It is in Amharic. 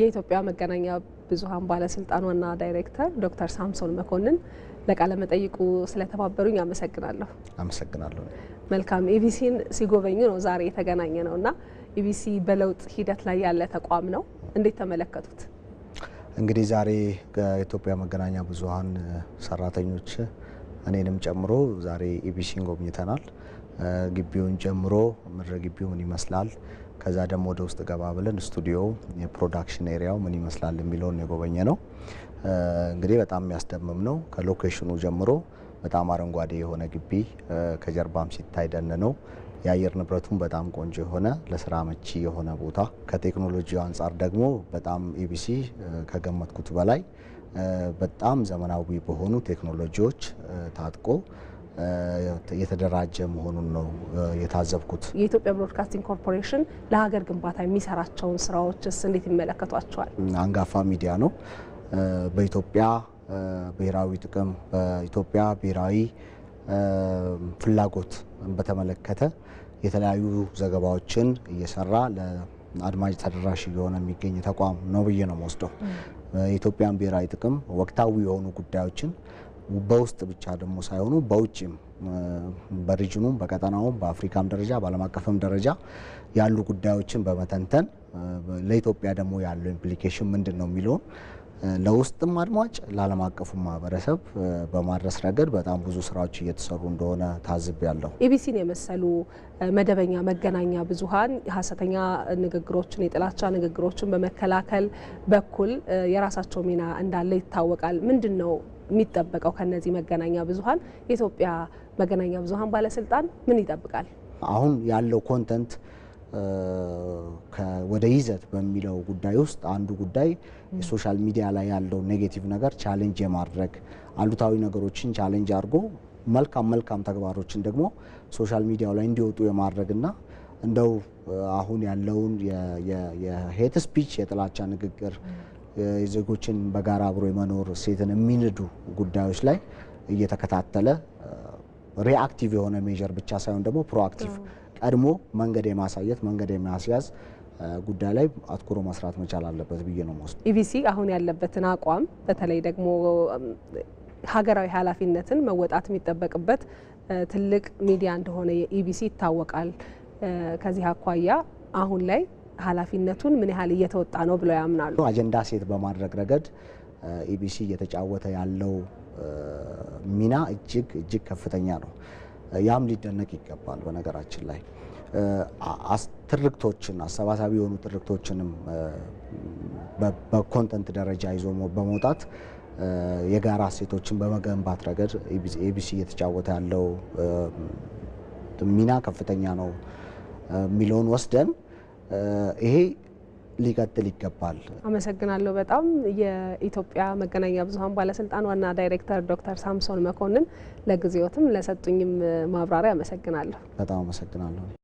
የኢትዮጵያ መገናኛ ብዙኃን ባለስልጣን ዋና ዳይሬክተር ዶክተር ሳምሶን መኮንን ለቃለ መጠይቁ ስለተባበሩኝ አመሰግናለሁ። አመሰግናለሁ። መልካም። ኢቢሲን ሲጎበኙ ነው ዛሬ የተገናኘ ነው እና ኢቢሲ በለውጥ ሂደት ላይ ያለ ተቋም ነው። እንዴት ተመለከቱት? እንግዲህ ዛሬ የኢትዮጵያ መገናኛ ብዙኃን ሰራተኞች እኔንም ጨምሮ ዛሬ ኢቢሲን ጎብኝተናል። ግቢውን ጀምሮ ምድረ ግቢው ምን ይመስላል፣ ከዛ ደግሞ ወደ ውስጥ ገባ ብለን ስቱዲዮ፣ የፕሮዳክሽን ኤሪያው ምን ይመስላል የሚለውን የጎበኘ ነው። እንግዲህ በጣም የሚያስደምም ነው። ከሎኬሽኑ ጀምሮ በጣም አረንጓዴ የሆነ ግቢ ከጀርባም ሲታይ ደን ነው። የአየር ንብረቱም በጣም ቆንጆ የሆነ ለስራ መቺ የሆነ ቦታ፣ ከቴክኖሎጂ አንጻር ደግሞ በጣም ኢቢሲ ከገመትኩት በላይ በጣም ዘመናዊ በሆኑ ቴክኖሎጂዎች ታጥቆ የተደራጀ መሆኑን ነው የታዘብኩት። የኢትዮጵያ ብሮድካስቲንግ ኮርፖሬሽን ለሀገር ግንባታ የሚሰራቸውን ስራዎችስ እንዴት ይመለከቷቸዋል? አንጋፋ ሚዲያ ነው። በኢትዮጵያ ብሔራዊ ጥቅም፣ በኢትዮጵያ ብሔራዊ ፍላጎት በተመለከተ የተለያዩ ዘገባዎችን እየሰራ ለአድማጭ ተደራሽ እየሆነ የሚገኝ ተቋም ነው ብዬ ነው የምወስደው። የኢትዮጵያን ብሔራዊ ጥቅም፣ ወቅታዊ የሆኑ ጉዳዮችን በውስጥ ብቻ ደግሞ ሳይሆኑ በውጭም በሪጅኑም በቀጠናውም በአፍሪካም ደረጃ በዓለም አቀፍም ደረጃ ያሉ ጉዳዮችን በመተንተን ለኢትዮጵያ ደግሞ ያለው ኢምፕሊኬሽን ምንድን ነው የሚለውን ለውስጥም አድማጭ ለዓለም አቀፉ ማህበረሰብ በማድረስ ረገድ በጣም ብዙ ስራዎች እየተሰሩ እንደሆነ ታዝብ ያለው ኢቢሲን የመሰሉ መደበኛ መገናኛ ብዙሀን ሀሰተኛ ንግግሮችን፣ የጥላቻ ንግግሮችን በመከላከል በኩል የራሳቸው ሚና እንዳለ ይታወቃል። ምንድን ነው የሚጠበቀው ከነዚህ መገናኛ ብዙሀን የኢትዮጵያ መገናኛ ብዙሀን ባለስልጣን ምን ይጠብቃል? አሁን ያለው ኮንተንት ወደ ይዘት በሚለው ጉዳይ ውስጥ አንዱ ጉዳይ የሶሻል ሚዲያ ላይ ያለው ኔጌቲቭ ነገር ቻሌንጅ የማድረግ አሉታዊ ነገሮችን ቻሌንጅ አድርጎ መልካም መልካም ተግባሮችን ደግሞ ሶሻል ሚዲያው ላይ እንዲወጡ የማድረግና እንደው አሁን ያለውን የሄት ስፒች የጥላቻ ንግግር የዜጎችን በጋራ አብሮ የመኖር ሴትን የሚንዱ ጉዳዮች ላይ እየተከታተለ ሪአክቲቭ የሆነ ሜጀር ብቻ ሳይሆን ደግሞ ፕሮአክቲቭ ቀድሞ መንገድ የማሳየት መንገድ የማስያዝ ጉዳይ ላይ አትኩሮ መስራት መቻል አለበት ብዬ ነው መወስድ። ኢቢሲ አሁን ያለበትን አቋም በተለይ ደግሞ ሀገራዊ ኃላፊነትን መወጣት የሚጠበቅበት ትልቅ ሚዲያ እንደሆነ የኢቢሲ ይታወቃል። ከዚህ አኳያ አሁን ላይ ኃላፊነቱን ምን ያህል እየተወጣ ነው ብለው ያምናሉ? አጀንዳ ሴት በማድረግ ረገድ ኢቢሲ እየተጫወተ ያለው ሚና እጅግ እጅግ ከፍተኛ ነው። ያም ሊደነቅ ይገባል። በነገራችን ላይ ትርክቶችን አሰባሳቢ የሆኑ ትርክቶችንም በኮንተንት ደረጃ ይዞ በመውጣት የጋራ እሴቶችን በመገንባት ረገድ ኤቢሲ እየተጫወተ ያለው ሚና ከፍተኛ ነው የሚለውን ወስደን ይሄ ሊቀጥል ይገባል። አመሰግናለሁ። በጣም የኢትዮጵያ መገናኛ ብዙኃን ባለስልጣን ዋና ዳይሬክተር ዶክተር ሳምሶን መኮንን ለጊዜዎትም ለሰጡኝም ማብራሪያ አመሰግናለሁ። በጣም አመሰግናለሁ።